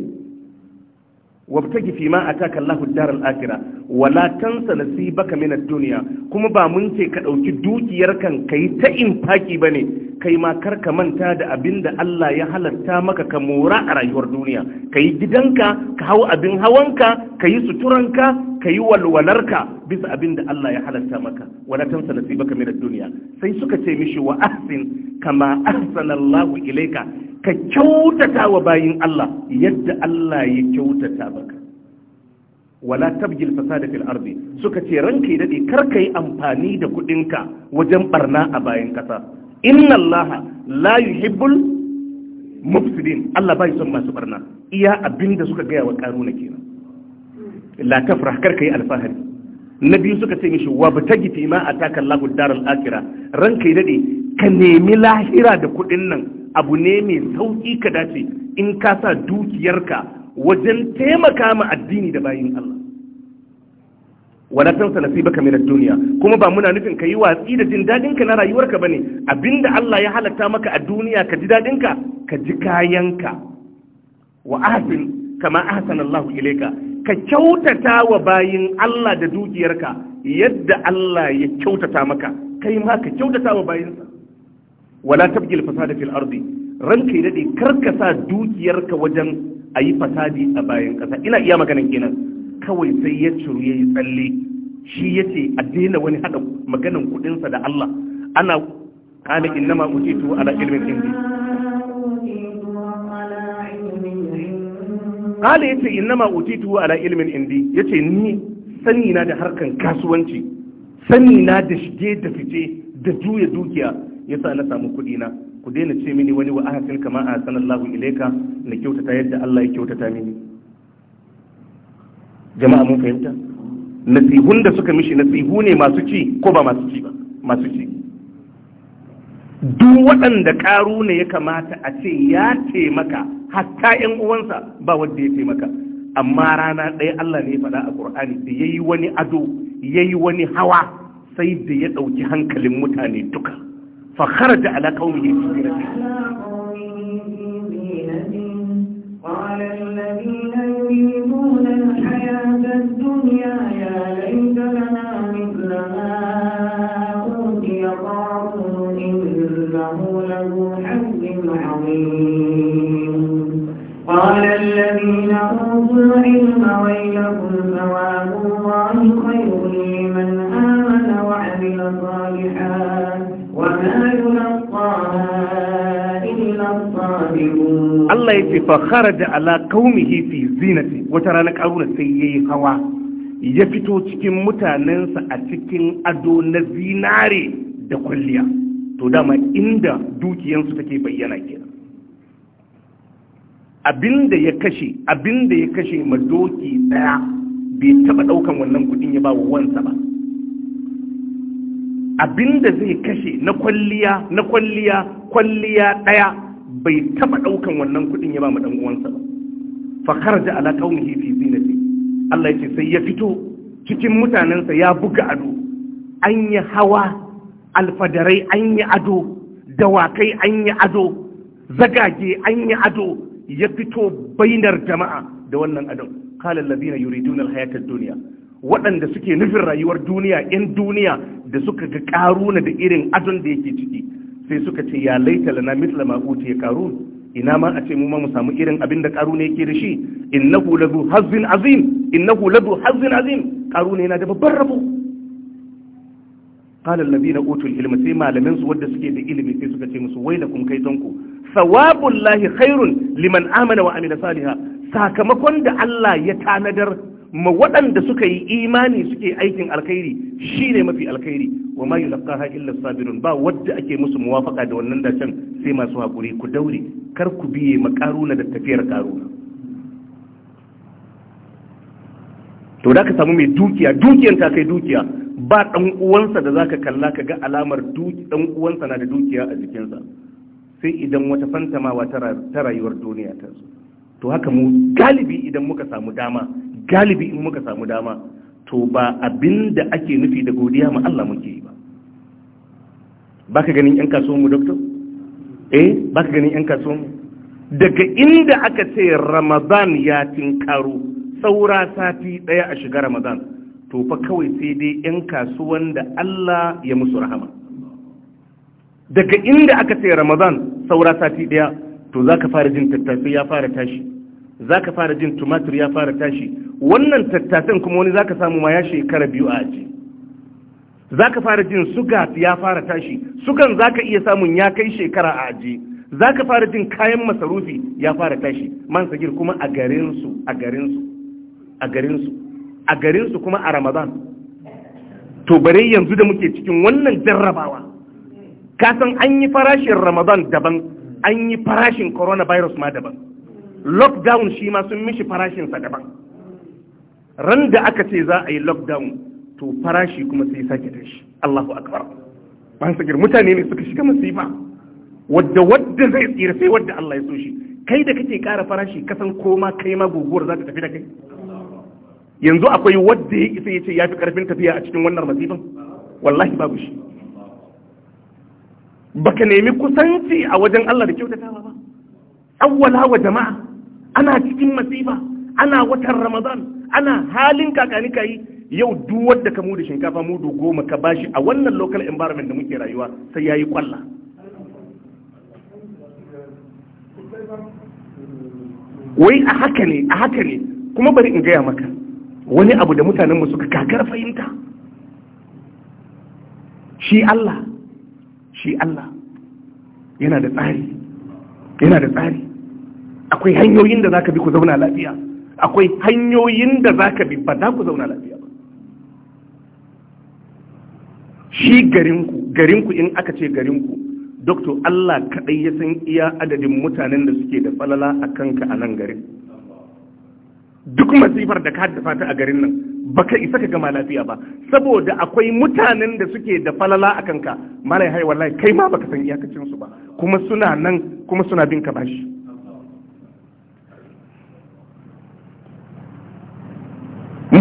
wabtagi fi ma ataka Allahu daral akhirah wala tansa nasibaka min ad-dunya kuma ba mun ce ka dauki dukiyar kan kai ta infaki bane kai ma kar ka manta da abinda Allah ya halatta maka ka mora a rayuwar duniya kai gidanka ka hau abin hawanka kai suturanka kai walwalarka bisa abin da Allah ya halatta maka wala tansa nasibaka min ad-dunya sai suka ce mishi wa ahsin kama ahsana Allah ilayka ka kyautata wa bayin Allah yadda Allah ya kyautata maka wala tabjil fasada fil ardi suka ce ranka ya dade kar kai amfani da kudinka wajen barna a bayin kasa inna Allah la yuhibbul mufsidin Allah bai son masu barna iya abinda suka gaya wa karuna kenan la tafrah karka yi alfahari na biyu suka ce mishi wa bata gifi ma ataka Allahu daral akhirah ranka dade ka nemi lahira da kuɗin nan abu ne mai sauƙi ka dace in ka sa dukiyarka wajen taimaka ma addini da bayin Allah wala tansa nasibaka min ad-dunya kuma ba muna nufin ka yi watsi da jin dadin ka na rayuwarka bane abinda Allah ya halatta maka a duniya ka ji dadin ka ka ji kayanka wa ahsin kama ahsana Allah ilayka ka kyautata wa bayin Allah da dukiyarka yadda Allah ya kyautata maka kai ma ka kyautata wa bayinsa wala tabgil fasada fil ardi ranka ya dade sa dukiyarka wajen ayi fasadi a bayan kasa ina iya maganan kenan kawai sai ya ciru yayi tsalle shi yace a daina wani hada maganan sa da Allah ana kana innama utitu ala ilmin indi kala yace innama utitu ala ilmin indi yace ni sani na da harkan kasuwanci sani na da shige da fice da juya dukiya yasa na samu kuɗi na ku daina ce mini wani wa ahsin kama ahsanallahu ilayka na kyautata yadda Allah ya kyautata mini jama'a mun fahimta nasihun da suka mishi nasihu ne masu ci ko ba masu ci ba masu ci duk waɗanda ƙaru ne ya kamata a ce ya taimaka hatta ‘yan uwansa ba wanda ya taimaka amma rana ɗaya Allah ne faɗa a ƙur'ani da ya yi wani ado ya yi wani hawa sai da ya ɗauki hankalin mutane duka fakar da ala kaumihi fi قال فهو له حمد عظيم قال الذين أوتوا العلم ويلكم ثواب الله خير لمن آمن وعمل صالحا وما يلقاها Allah ya ce fahara da ala kaumi fi zinati wata ranar ƙarfura sai ya yi hawa ya fito cikin mutanensa a cikin ado na zinare da kwalliya. to dama inda dukiyansu take bayyana kenan abinda ya kashe abinda ya kashe ma doki daya bai taba daukan wannan kudin ya ba wa wansa ba abinda zai kashe na kwalliya na kwalliya kwalliya daya bai taba daukan wannan kudin ya ba mu dan uwansa ba fa kharaja ala qaumihi fi zinati Allah yace sai ya fito cikin mutanensa ya buga ado an yi hawa alfadarai an yi ado dawakai an yi ado zagage an yi ado ya fito bainar jama'a da wannan adon qala allazina yuri alhayata hayatar duniya. waɗanda suke nufin rayuwar duniya yan duniya da suka ga karuna da irin adon da yake ciki sai suka ce ya laita lana mithla ma utiya karun ina ma a ce mu ma mu samu irin abin da karuna yake da shi innahu ladu hazzin azim innahu ladu hazzin azim karuna yana da babban rabo qala allazina utul ilma sai malamin su wanda suke da ilimi sai suka ce musu wailakum kaitanku thawabul lahi khairun liman amana wa amila salihan sakamakon da Allah ya tanadar waɗanda suka yi imani suke aikin alkhairi shine mafi alkhairi wa ma yulqaha illa sabirun ba wadda ake musu muwafaka da wannan dacen sai masu hakuri ku daure kar ku biye makaruna da tafiyar karuna to da ka samu mai dukiya dukiyan ta kai dukiya ba dan uwansa da zaka kalla ka ga alamar dan uwansa na da dukiya a jikinsa sai idan wata fantamawa ta rayuwar duniya ta zo to haka mu galibi idan muka samu dama galibi in muka samu dama to ba abin da ake nufi da godiya ma Allah muke yi ba ba ka ganin 'yan kasuwan mu doktor? eh ba ka ganin 'yan kasuwan mu daga inda aka ce ramadan ya tinkaro saura sati ɗaya a shiga ramadan to fa kawai sai dai 'yan kasuwan da Allah ya musu rahama daga inda aka ce ramadan saura sati ɗaya to za ka fara jin tattasai ya fara tashi za fara jin tumatir ya fara tashi wannan tattasan kuma wani za samu ma ya shekara biyu a aji za ka fara jin suga ya fara tashi sugan zaka iya samun ya kai shekara a aji za ka fara jin kayan masarufi ya fara tashi man sagir kuma a garinsu a garinsu a garinsu a garinsu kuma a ramadan to bare yanzu da muke cikin wannan jarrabawa ka san an yi farashin ramadan daban an yi farashin coronavirus ma daban lockdown shi ma sun mishi farashinsa daban ran da aka ce za a yi lockdown to farashi kuma sai sake tashi Allahu akbar ban sagir mutane ne suka shiga masifa wadda wadda zai tsira sai wadda Allah ya so shi kai da kake ƙara farashi kasan koma kai ma guguwar za ta tafi da kai yanzu akwai wadda ya isa ya ce ya fi karfin tafiya a cikin wannan masifan. wallahi babu shi baka nemi kusanci a wajen Allah da kyautatawa ba awwala wa jama'a ana cikin masifa ana watan ramadan ana halin kakani kai yau duk wanda ka da shinkafa mu mudu goma ka bashi a wannan local environment da muke rayuwa sai yayi kwalla wai a haka ne a haka ne kuma bari in gaya maka wani abu da mutanenmu suka kakar fahimta shi Allah shi Allah yana da tsari yana da tsari akwai hanyoyin da za ka bi ku zauna lafiya akwai hanyoyin da za ka bi ba za ku zauna lafiya ba shi garinku garinku in aka ce garinku doktor Allah kaɗai ya san iya adadin mutanen da suke da falala a kanka a nan garin duk masifar da ka haddafa ta a garin nan baka isa ka gama lafiya ba saboda akwai mutanen da suke da falala a kanka malai hai wallahi kai ma baka san iyakacin su ba kuma suna nan kuma suna bin ka bashi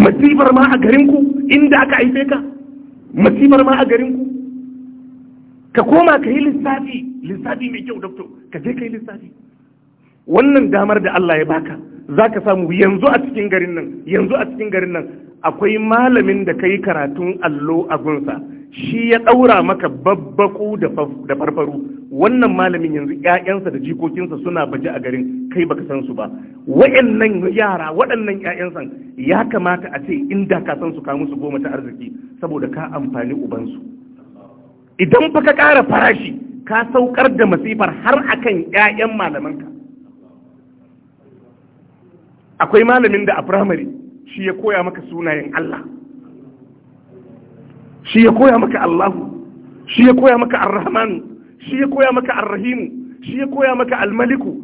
masifar ma a garin ku inda aka haife ka masifar ma a garin ku ka koma ka yi lissafi lissafi mai kyau doctor ka je ka yi lissafi wannan damar da Allah ya baka za ka samu yanzu a cikin garin nan yanzu a cikin garin nan akwai malamin da ka yi karatun allo a gunsa shi ya ɗaura maka babbaku da farfaru wannan malamin yanzu 'ya'yansa da jikokinsa suna baje a garin kai baka san su ba waɗannan yara waɗannan 'ya'yansa ya kamata a ce inda ka san su ka su goma ta arziki saboda ka amfani ubansu idan fa ka ƙara farashi ka saukar da masifar har akan 'ya'yan malamanka akwai malamin da a firamare shi ya koya maka sunayen Allah shi ya koya maka Allahu shi ya koya maka Ar-Rahman shi ya koya maka Ar-Rahim shi ya koya maka Al-Maliku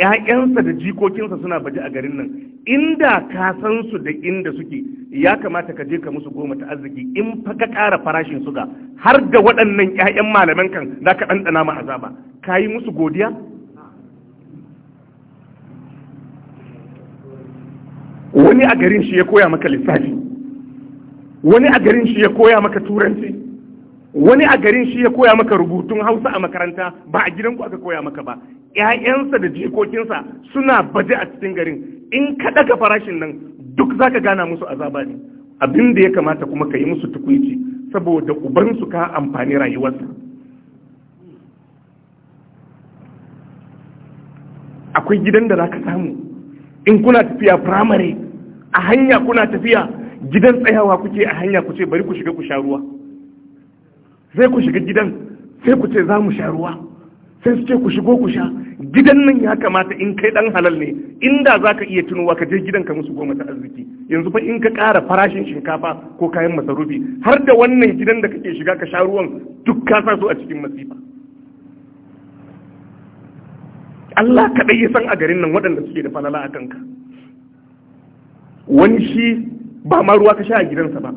ƴaƴansa da jikokinsa suna baje a garin nan inda ka san su da inda suke ya kamata ka je ka musu goma ta arziki in fa ka ƙara farashin suga har da waɗannan ƴaƴan malaman kan za ka ɗanɗana ma azaba ka yi musu godiya wani a garin shi ya koya maka lissafi wani a garin shi ya koya maka turanci wani a garin shi ya koya maka rubutun hausa a makaranta ba a gidanku aka koya maka ba ‘ya'yansa da jikokinsa suna baje a cikin garin in ka daga farashin nan duk zaka gana musu azaba ne abin da ya kamata kuma ka yi musu tukuici saboda ubansu ka amfani rayuwarsa akwai gidan da za ka samu in kuna tafiya firamare a hanya kuna tafiya gidan tsayawa kuke a hanya kuce bari ku shiga ku sha ruwa sai ku shiga gidan sai ku ce za mu sha ruwa sai su ce ku shigo ku sha gidan nan ya kamata in kai dan halal ne inda za ka iya tunowa ka je gidan ka musu goma ta arziki yanzu fa in ka ƙara farashin shinkafa ko kayan masarufi har da wannan gidan da kake shiga ka sha ruwan duk ka sa su a cikin masifa Allah kaɗai ya san a garin nan waɗanda suke da falala a kanka wani shi ba ma ruwa ka sha a gidansa ba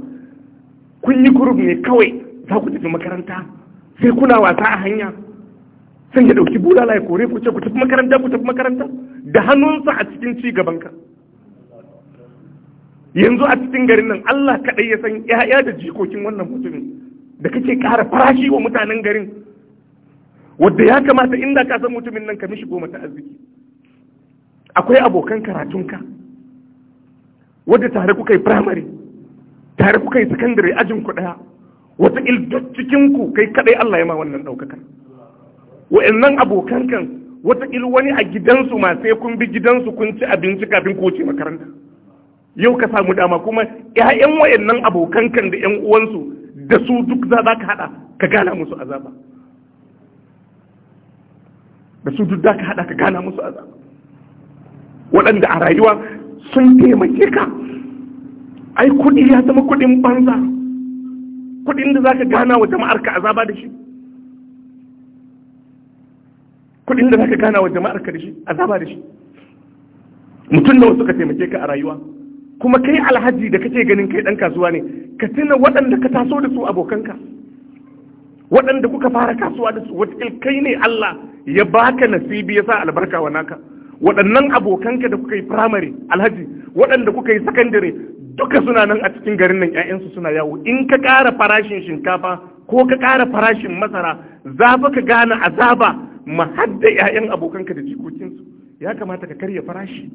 kun yi kurub ne kawai za ku tafi makaranta sai kuna wasa a hanya sai ya ɗauki bulala ya kore ku ce ku tafi makaranta ku tafi makaranta da hannunsa a cikin ci gabanka yanzu a cikin garin nan Allah kaɗai ya san 'ya'ya da jikokin wannan mutumin da kake ƙara farashi wa mutanen garin wadda ya kamata inda ka san mutumin nan ka mishi goma ta arziki akwai abokan karatunka wadda tare kuka yi firamare tare kuka yi sakandare ajin ku daya wata duk cikin kai kadai Allah ya ma wannan daukakar wa'annan abokan kan wata wani a gidansu ma sai kun bi gidansu kun ci abinci kafin ku wuce makaranta yau ka samu dama kuma ƴaƴan wayannan abokan kan da ƴan uwansu da su duk za ka hada ka gana musu azaba da su duk da ka haɗa ka gana musu azaba waɗanda a rayuwa sun taimake ka ai kuɗi ya zama kuɗin banza kuɗin da za ka gana wa jama'ar ka azaba da shi kuɗin da za ka gana wa jama'ar ka da shi azaba da shi mutum da wasu ka taimake ka a rayuwa kuma kai alhaji da kake ganin kai ɗan kasuwa ne ka tuna waɗanda ka taso da su abokanka waɗanda kuka fara kasuwa da su wata kai ne Allah ya baka nasibi ya sa albarka wa naka waɗannan abokanka da kuka yi firamare alhaji waɗanda kuka yi sakandare duka suna nan a cikin garin nan ƴaƴansu suna yawo in ka ƙara farashin shinkafa ko ka ƙara farashin masara za fa ka gane azaba ma hadda ƴaƴan abokanka da jikokinsu ya kamata ka karya farashi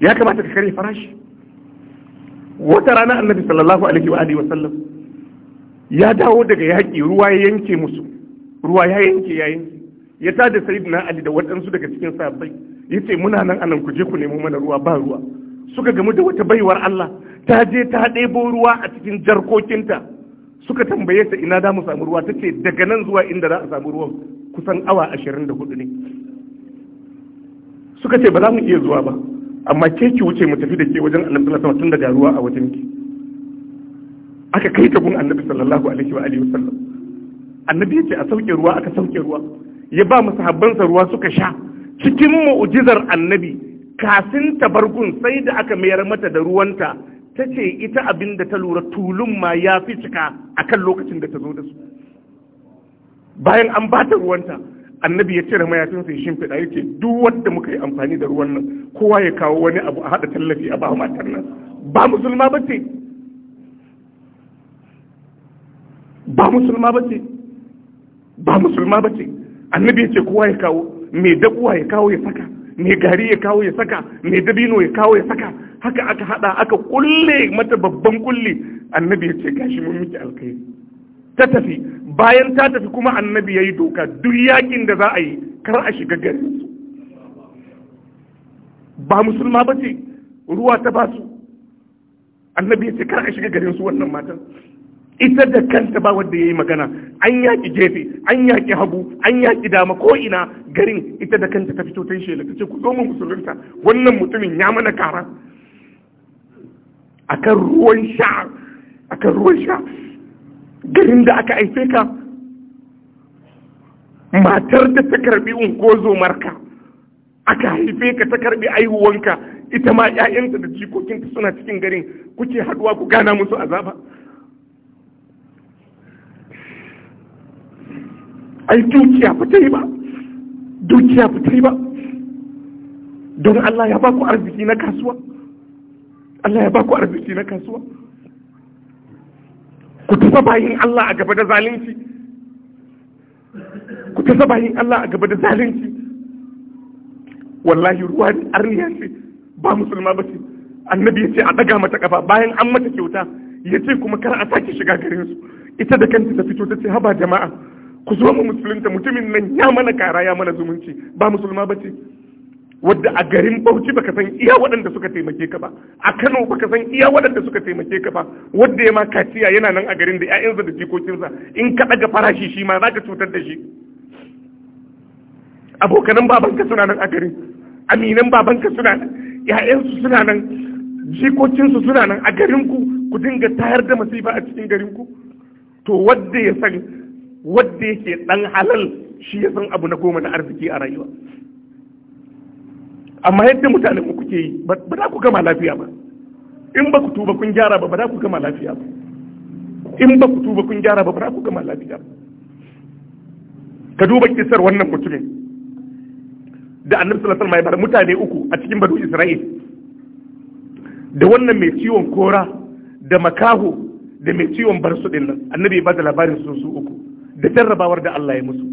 ya kamata ka karya farashi wata rana annabi sallallahu alaihi wa alihi sallam ya dawo daga yaƙi ruwa ya yanke musu ruwa ya yanke ya yanke ya tada sayyidina ali da waɗansu daga cikin ya ce muna nan anan ku je ku nemo mana ruwa ba ruwa suka gamu da wata baiwar Allah ta je ta ɗebo ruwa a cikin jarkokinta suka tambaye ta ina za mu samu ruwa tace daga nan zuwa inda za a samu ruwan kusan awa ashirin da hudu ne suka ce ba za mu iya zuwa ba amma ke ki wuce mu tafi da ke wajen annabi sallallahu alaihi wasallam tun daga ruwa a wajen ki aka kai ta gun annabi sallallahu alaihi wa alihi wasallam annabi yace a sauke ruwa aka sauke ruwa ya ba musahabbansa ruwa suka sha cikin mu'jizar annabi kafin tabargun sai da aka mayar mata da ruwanta ta ce ita abin da ta lura tulun ma ya fi cika akan lokacin da ta zo da su bayan an ba ta ruwanta annabi ya cire mayafin ya shimfiɗa ya yace duk wanda muka yi amfani da ruwan nan kowa ya kawo wani abu a haɗa tallafi a ba matar nan ba musulma ba ba musulma ba ba musulma ba ce annabi ya ce kowa ya kawo mai dabuwa ya kawo ya saka mai gari ya kawo ya saka mai dabino ya kawo ya saka haka aka hada aka kulle mata babban kulle annabi ya ce gashi mun miki alkai ta tafi bayan ta tafi kuma annabi ya yi doka duk yakin da za a yi kar a shiga garin su ba musulma ba ce ruwa ta basu annabi ya ce kar a shiga garin su wannan matan ita da kanta ba wanda ya yi magana an yaƙi jefe an yaƙi hagu an yaƙi dama ko ina garin ita da kanta ta fito ta yi shela ta ce ku zo mu musulunta wannan mutumin ya mana kara akan ruwan sha akan ruwan sha garin da aka haife ka matar da ta karbi ungozo marka aka haife ka ta karbi aihuwanka ita ma 'ya'yanta da jikokinta suna cikin garin kuke haɗuwa ku gana musu azaba ai dukiya fita yi ba dukiya fita yi ba don Allah ya baku arziki na kasuwa Allah ya baku arziki na kasuwa ku tafa bayin Allah a gaba da zalunci ku tafa bayin Allah a gaba da zalunci wallahi ruwa arniya ce ba musulma ba ce annabi ya ce a daga mata kafa bayan an mata kyauta ya ce kuma kar a sake shiga garin su ita da kanta ta fito ta ce haba jama'a ku zo mu musulunta mutumin nan ya mana kara ya mana zumunci ba musulma ba ce wadda a garin bauchi baka san iya waɗanda suka taimake ka ba a kano baka san iya waɗanda suka taimake ka ba wadda ya ma kaciya yana nan a garin da 'ya'yansa da jikokinsa in ka ɗaga farashi shi ma za ka cutar da shi abokanan babanka suna nan a garin aminan babanka suna nan 'ya'yansu suna nan jikokinsu suna nan a garinku ku dinga tayar da masifa a cikin garinku to wadda ya san wadda yake dan halal shi ya san abu na goma na arziki a rayuwa amma yadda mutane ku kuke yi ba za ku gama lafiya ba in ba ku tuba kun gyara ba ba za ku gama lafiya ba in ba ku tuba kun gyara ba ba za ku gama lafiya ba ka duba kisar wannan mutumin da annabi sallallahu alaihi wasallam mutane uku a cikin badu isra'il da wannan mai ciwon kora da makaho da mai ciwon barsu din nan annabi ba da labarin su su uku da jarrabawar da Allah ya musu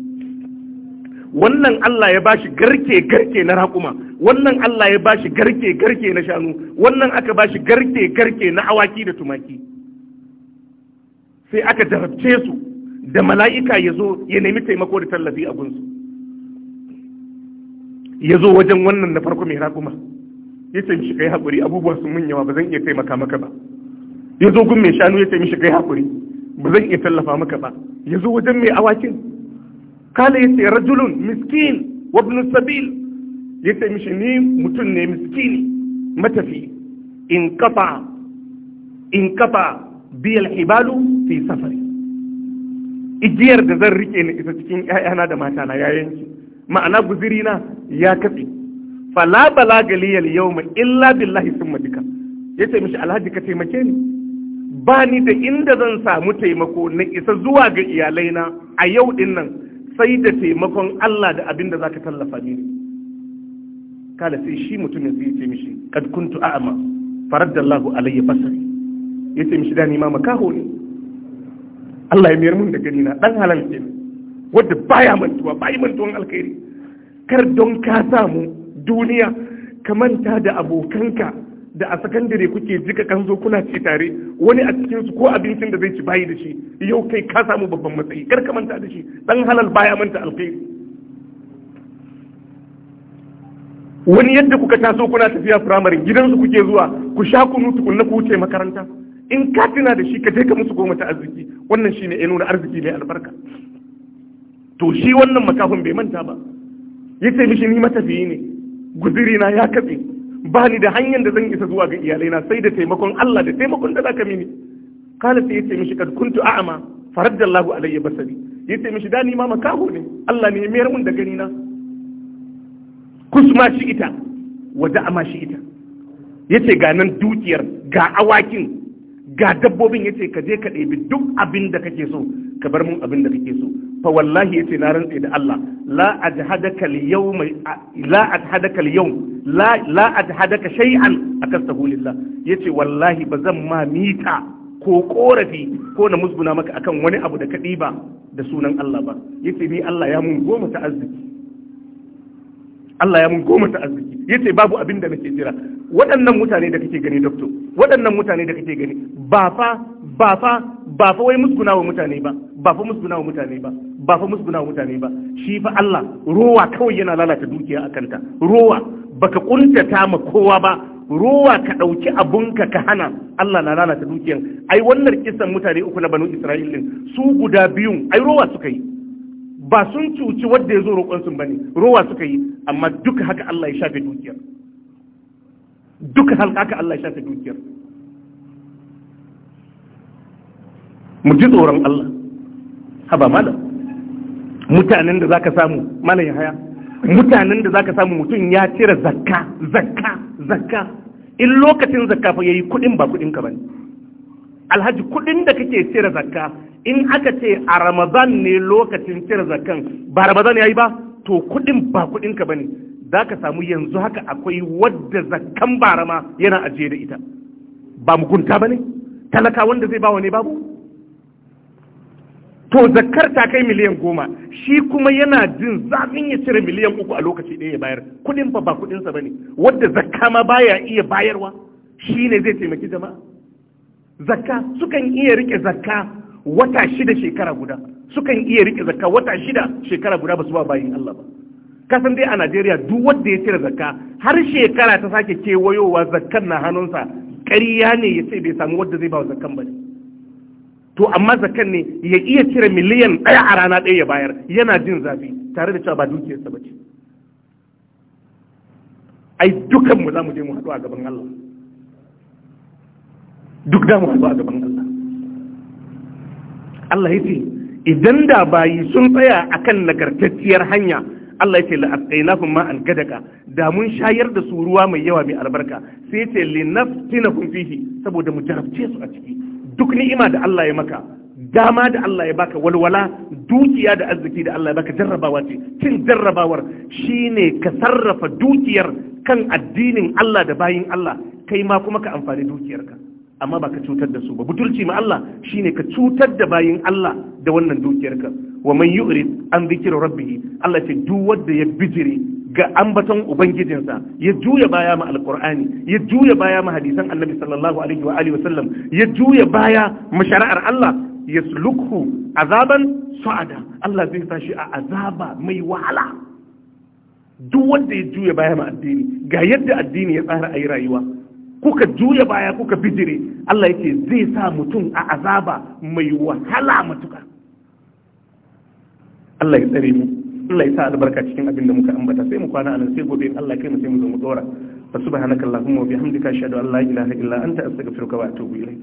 wannan Allah ya bashi garke garke na raƙuma wannan Allah ya bashi garke garke na shanu wannan aka bashi garke garke na awaki da tumaki sai aka jarabce su da mala'ika ya zo ya nemi taimako da tallafi a gunsu ya zo wajen wannan na farko mai raƙuma ya ce mishi kai haƙuri abubuwa sun mun yawa ba zan iya taimaka maka ba ya zo gun mai shanu ya ce mishi kai haƙuri ba zan iya tallafa maka ba ya zo wajen mai awakin kala ya ce rajulun miskin wabnu sabil ya ce mishi ni mutum ne miskin. matafi in kafa in kafa biyal hibalu fi safari igiyar da zan rike ni isa cikin 'ya'yana da matana ya yanki ma'ana guzirina ya katse fala balaga liyal yawma illa billahi summa bika yace mishi alhaji ka taimake ni ba ni da inda zan samu taimako na isa zuwa ga iyalaina a yau din nan sai da taimakon Allah da abin da za ka tallafa mini kala sai shi mutum ya ce mishi kad kuntu a'ama Allahu alayya basari ya ce mishi da ni ma makaho ne Allah ya mayar mun da gani na dan halal ne wanda baya mantuwa bai mantuwan alkhairi kar don ka samu duniya ka manta da abokanka da a sakandare kuke jika kan zo kuna ci tare wani a cikin su ko abincin da zai ci bayi da shi yau kai ka samu babban matsayi kar ka manta da shi dan halal baya manta alkhairi wani yadda kuka taso kuna tafiya firamare gidansu kuke zuwa ku sha kunu tukunna ku wuce makaranta in ka tuna da shi ka je ka musu goma ta arziki wannan shine ya nuna arziki mai albarka to shi wannan makafin bai manta ba yace mishi ni matafiyi ne guziri na ya katse ba ni da hanyar da zan isa zuwa ga iyalaina sai da taimakon Allah da taimakon da zaka mini kala sai yace mishi kad kuntu a'ma faradda Allah alayya basari yace mishi da ni ma makaho ne Allah ne ya mayar mun da gani na kusma shi ita wa da'ama shi ita yace ga nan dukiyar ga awakin ga dabbobin yace ka je ka ɗebi duk abin da kake so ka bar mun abin da kake so fa wallahi yace na rantse da Allah la ajhadaka al-yawm la ajhadaka al la la adhadaka shay'an Ya yace wallahi ba zan ma mita ko korafi ko na musguna maka akan wani abu da kaɗi ba da sunan Allah ba yace ni Allah ya mun goma ta arziki Allah ya mun goma ta arziki yace babu abin da nake jira waɗannan mutane da kake gani doctor waɗannan mutane da kake gani ba fa ba fa ba fa wai musguna wa mutane ba ba fa musguna wa mutane ba ba fa musguna wa mutane ba shi fa Allah rowa kawai yana lalata dukiya a kanta rowa baka kuntata ma kowa ba ruwa ka ɗauki abunka ka hana Allah na lalata dukiyan ai wannan kisan mutane uku na banu isra'ilin su guda biyun ai ruwa suka yi ba sun cuci wadda ya zo roƙon sun bane ruwa suka yi amma duka haka Allah ya shafe dukiyar duka haka Allah ya shafe dukiyar mu ji tsoron Allah haba malam mutanen da zaka samu malam ya haya mutanen da zaka samu mutum ya cire zakka zakka zakka in lokacin zakka fa yayi kudin ba kudin ka bane alhaji kudin da kake cire zakka in aka ce a ramadan ne lokacin cire zakkan ba ramadan yayi ba to kudin ba kudin ka bane zaka samu yanzu haka akwai wadda zakkan barama yana ajiye da ita ba mugunta bane talaka wanda zai bawa ne babu to zakar ta kai miliyan goma shi kuma yana jin zafin ya cire miliyan uku a lokaci ɗaya ya bayar kuɗin ba ba kuɗinsa ba ne wadda zakka ma baya iya bayarwa shi ne zai taimaki jama'a zakka sukan iya rike zakka wata shida shekara guda sukan iya rike zakka wata shida shekara guda ba su ba bayin Allah ba kasan dai a Najeriya duk wanda ya cire zakka har shekara ta sake kewayowa zakkan na hannunsa ƙarya ne ya ce bai samu wadda zai ba zakkan ba ne to amma zakan ne ya iya cire miliyan ɗaya a rana ɗaya ya bayar yana jin zafi tare da cewa ba dukiyarsa ba ce ai dukanmu za mu je mu haɗu a gaban Allah duk da mu haɗu a gaban Allah Allah ya ce idan da bayi sun tsaya a kan nagartacciyar hanya Allah ya ce la'asqainahum ma'an gadaka da mun shayar da su ruwa mai yawa mai albarka sai ya ce linaftinahum fihi saboda mu jarabce su a ciki duk ni'ima da Allah ya maka dama da Allah ya baka walwala dukiya da arziki da Allah ya baka jarrabawa ce cin jarrabawar shine ka sarrafa dukiyar kan addinin Allah da bayin Allah kai ma kuma ka amfani dukiyarka amma ba ka cutar da su ba butulci ma Allah shine ka cutar da bayin Allah da wannan dukiyarka wa man yu'rid an zikira rabbih Allah ce duk wanda ya bijire ga ambaton ubangijinsa ya juya baya ma alqur'ani ya juya baya ma hadisan annabi sallallahu alaihi wa alihi wasallam ya juya baya ma shari'ar Allah yaslukhu azaban su'ada Allah zai sa shi a azaba mai wahala duk wanda ya juya baya ma addini ga yadda addini ya tsara ayi rayuwa kuka juya baya kuka bijire Allah yake zai sa mutum a azaba mai wahala matuka Allah ya tsare mu Allah ya sa albarka cikin abin da muka ambata sai mu kwana anan sai gobe Allah kai mu sai mu zo mu dora subhanakallahumma wa bihamdika ashhadu an la ilaha illa anta astaghfiruka wa atubu ilayk